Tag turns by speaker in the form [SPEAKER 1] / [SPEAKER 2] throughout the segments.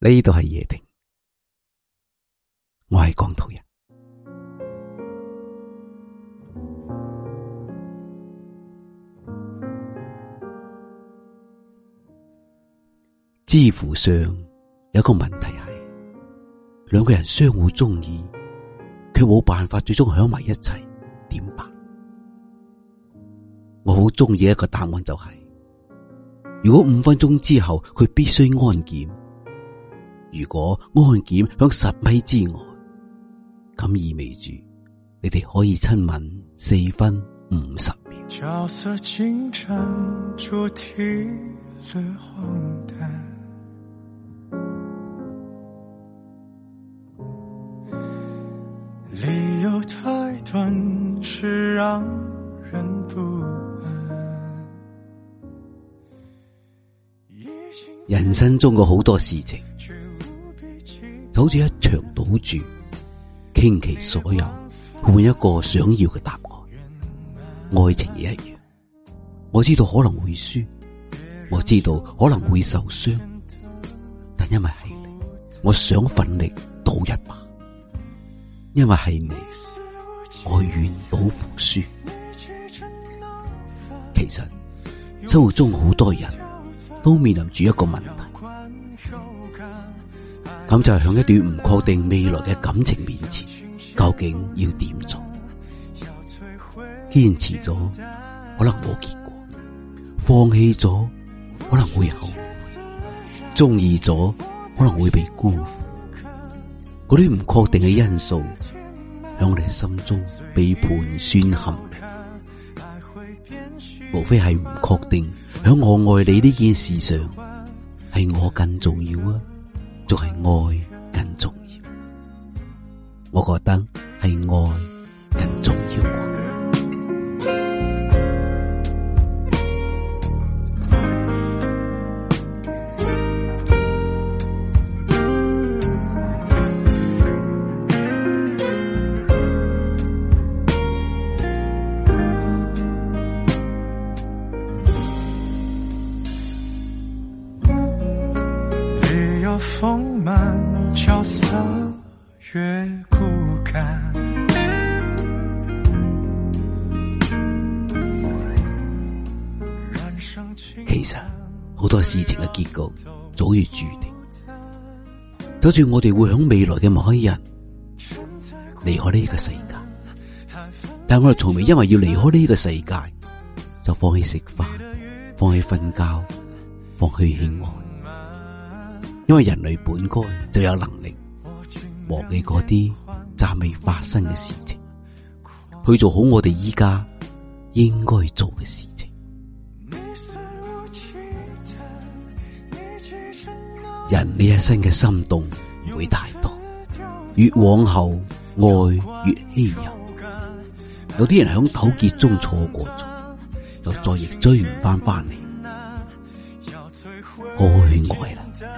[SPEAKER 1] 呢度係夜定，我係廣東人。知乎上有一個問題係，兩個人相互中意，佢冇辦法最終響埋一齊，點辦？我好中意一個答案，就是，就係如果五分鐘之後佢必須安檢。如果安檢響十米之外，咁意味住你哋可以親吻四分五十秒。角色清晨主題了荒誕，理由太短是讓人不安。人生中嘅好多事情。好似一場賭注，傾其所有換一個想要嘅答案。愛情亦一樣，我知道可能會輸，我知道可能會受傷，但因為係你，我想奮力賭一把。因為係你，我願賭服輸。其實生活中好多人都面臨住一個問題。咁就係響一段唔確定未來嘅感情面前，究竟要點做？堅持咗可能冇結果，放棄咗可能會後悔，中意咗可能會被辜負。嗰啲唔確定嘅因素喺我哋心中被判酸恨。無非係唔確定響我愛你呢件事上，係我更重要啊？就係愛更重要，我覺得係愛。風慢，越孤其實，好多事情嘅結局早已注定。就算我哋會響未來嘅某一日離開呢個世界，但我哋從未因為要離開呢個世界，就放棄食飯、放棄瞓覺、放棄戀愛。因為人類本該就有能力忘記嗰啲暫未發生嘅事情，去做好我哋依家應該做嘅事情。人呢一生嘅心動唔會太多，越往後愛越稀有。有啲人響糾結中錯過咗，就再亦追唔翻翻嚟，好去愛啦。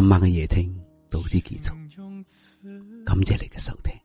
[SPEAKER 1] 今晚嘅夜聽到此結束，感謝你嘅收聽。